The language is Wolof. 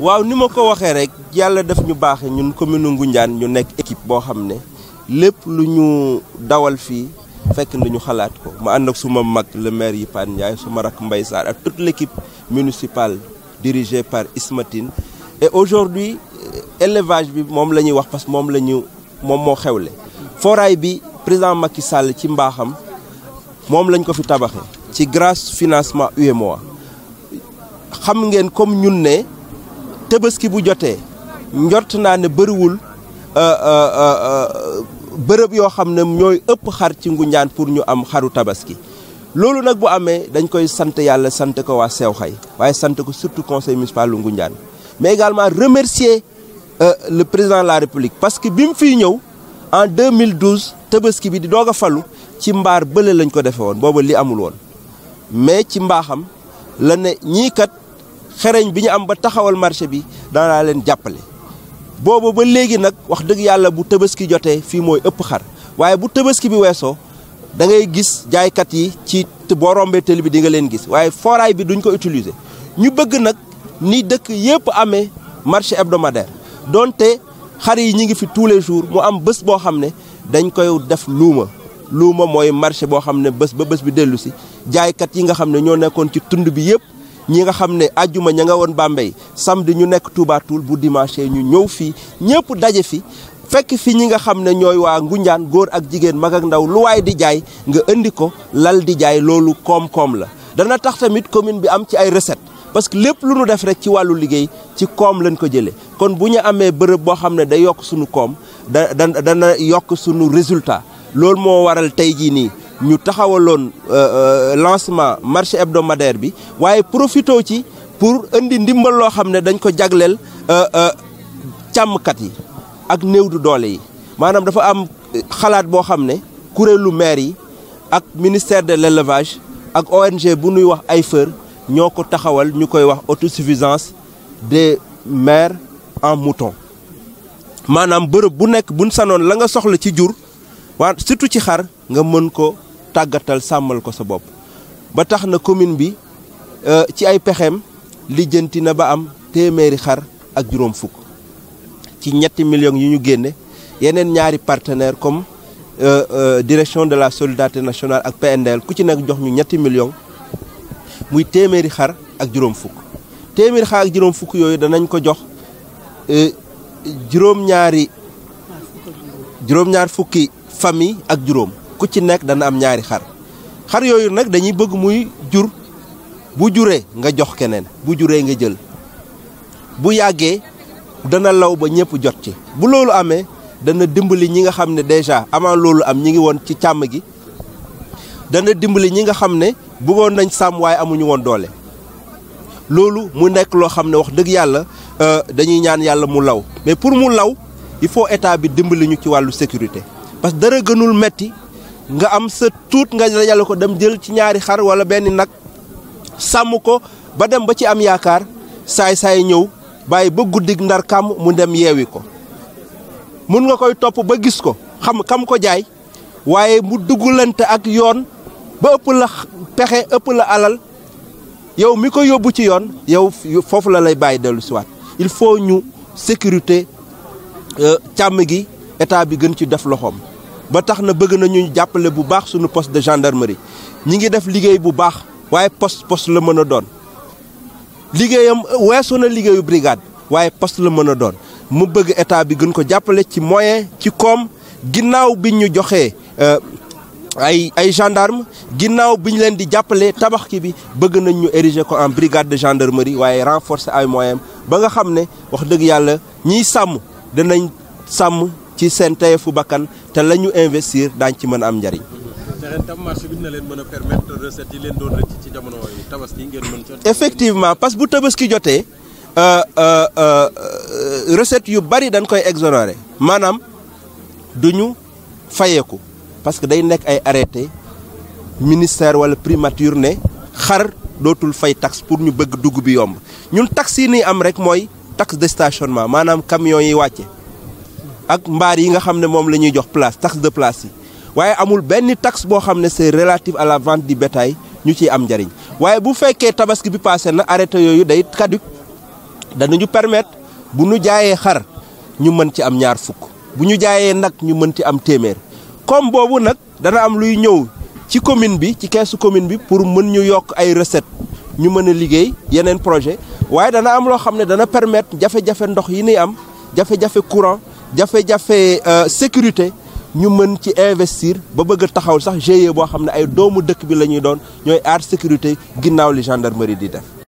waaw ni ma ko waxee rek yàlla daf ñu baaxe ñun commune Ngoundiane ñu nekk équipe boo xam ne lépp lu ñu dawal fii fekk ñu xalaat ko ma ànd ak suma mag le maire Yipane Ndiaye suma rak Mbaye Sarr ak toute l'équipe municipale dirigée par Ismatine et aujourd'hui élevage bi moom la ñuy wax parce que moom la ñu moom moo xewle foraay bi président Macky Sall ci mbaaxam moom lañ ko fi tabaxe ci grâce financement UEMOA xam ngeen comme ñun ne tabaski bu jotee njort naa ne bëriwul euh, euh, euh, bërëb yoo xam ne ñooy ëpp xar ci ngunjaan pour ñu am xaru tabaski loolu nag bu amee dañ koy sant yàlla sant ko waa sew xay waaye sant ko surtout conseil municipal lu Ngoundiane mais également remercier le président la république parce que bi mu fiy ñëw en 2012 tabaski bi di doog a falu ci mbaar bële lañ ko defe woon booba li amul woon mais ci mbaaxam la ne ñii kat xereñ bi ñu am ba taxawal marché bi danaa leen jàppale booba ba léegi nag wax dëgg yàlla bu tabaski jotee fii mooy ëpp xar waaye bu tabaski bi weesoo da ngay gis jaaykat yi ci boo rombee bi di nga leen gis waaye fooraay bi duñ ko utiliser ñu bëgg nag ni dëkk yépp amee marché hebdomadaire donte xar yi ñu ngi fi tous les jours mu am bés boo xam ne dañ koy def luuma luuma mooy marché boo xam ne bés ba bés bi dellu si jaaykat yi nga xam ne ñoo nekkoon ci tund bi yépp ñi nga xam ne àjjuma ña nga woon Bambey samedi ñu nekk Touba bu dimanche ñu ñëw fii ñëpp daje fi fekk fii ñi nga xam ne ñooy waa Ngunjaan góor ak jigéen mag ak ndaw lu waaye di jaay nga indi ko lal di jaay loolu koom-koom la dana tax tamit commune bi am ci ay recette parce que lépp lu nu def rek ci wàllu liggéey ci koom lañ ko jëlee kon bu ñu amee bërëb boo xam ne day yokk suñu koom da da dana yokk sunu résultat loolu moo waral tey jii nii ñu taxawaloon euh, euh, lancement marché hebdomadaire bi waaye profité ci pour indi ndimbal loo xam ne dañ ko jagleel euh, càmmkat yi ak néew du doole yi maanaam dafa am xalaat boo xam ne kuréelu maire yi ak ministère de l'élevage ak ONG bu nuy wax ay AIFER ñoo ko taxawal ñu koy wax autosuffisance des mères en mouton maanaam bërëb bu nekk buñ sanoon la nga soxla ci jur waa surtout ci xar nga mën ko tàggatal sàmmal ko sa bopp ba tax na commune bi euh, ci ay pexeem lijjanti na ba am téeméeri xar ak juróom fukk ci ñetti millions yi ñu génne yeneen ñaari partenaire comme euh, euh, direction de la solidarité nationale ak PNDL ku ci nekk jox ñu ñetti millions muy téeméeri xar ak juróom fukk téeméeri xar ak juróom fukk yooyu danañ ko jox juróom-ñaari juróom-ñaar fukki famille ak juróom ku ci nekk dana am ñaari xar xar yooyu nag dañuy bëgg muy jur bu juree nga jox keneen bu juree nga jël bu yàggee dana law ba ñëpp jot ci bu loolu amee dana dimbali ñi nga xam ne déjà avant loolu am ñi ngi woon ci càmm gi dana dimbali ñi nga xam ne bëggoon nañ sàmm waaye amuñu woon doole loolu mu nekk loo xam ne wax dëgg yàlla euh, dañuy ñaan yàlla mu law mais pour mu law il faut état bi dimbali ñu ci wàllu sécurité parce dara gënul metti nga am sa tuut nga dajale ko dem jël ci ñaari xar wala benn nag sàmm ko ba dem ba ci am yaakaar saay-saay ñëw bàyyi ba guddig ndar kàmm mu dem yeewi ko mun nga koy topp ba gis ko xam kam ko jaay waaye mu duggalante ak yoon ba ëpp la pexe ëpp la alal yow mi ko yóbbu ci yoon yow foofu la lay bàyyi dellu siwaat il faut ñu sécurité euh, càmm gi état bi gën ci def loxoom ba tax na bëgg nañu jàppale bu baax suñu poste de gendarmerie ñi ngi def liggéey bu baax waaye post post la mën a doon liggéeyam weesu na liggéeyu brigade waaye poste la mën a doon mu bëgg état bi gën ko jàppale ci moyen ci koom ginnaaw bi ñu joxee euh, ay ay gendarme ginnaaw bi ñu leen di jàppale tabax ki bi bëgg nañ ñu ériger ko en brigade de gendarmerie waaye renforcer ay moyens ba nga xam ne wax dëgg yàlla ñiy sàmm danañ sàmm ci seen fu bakkan te la ñu investir daañ ci mën a am njariñ effectivement parce que bu tabaski jotee euh, euh, euh, recette yu bari dañ koy exonéré maanaam du ñu fayeeku parce que day nekk ay arrêté ministère wala primature ne xar dootul fay taxe pour ñu bëgg dugg bi yomb ñun taxe yi nii am rek mooy taxe de stationnement maanaam camion yi wàcce ak mbaar yi nga xam ne moom la ñuy jox place tax de place yi waaye amul benn tax boo xam ne c'est relative à la vente du bétail ñu ciy am njariñ waaye bu fekkee tabaski bi passé na arrêté yooyu day caduc danañu permettre bu ñu jaayee xar ñu mën ci am ñaar fukk bu ñu jaayee nag ñu mën ci am téeméer comme boobu nag dana am luy ñëw ci commune bi ci keesu commune bi pour mën ñu yokk ay recette ñu mën a liggéey yeneen projet waaye dana am loo xam ne dana permettre jafe ndox yi nuy am jafe courant jafe-jafe euh, sécurité ñu mën ci investir ba bëgg a taxawal sax GIE boo xam ne ay doomu dëkk bi la ñuy doon ñooy aar sécurité ginnaaw li gendarmerie di def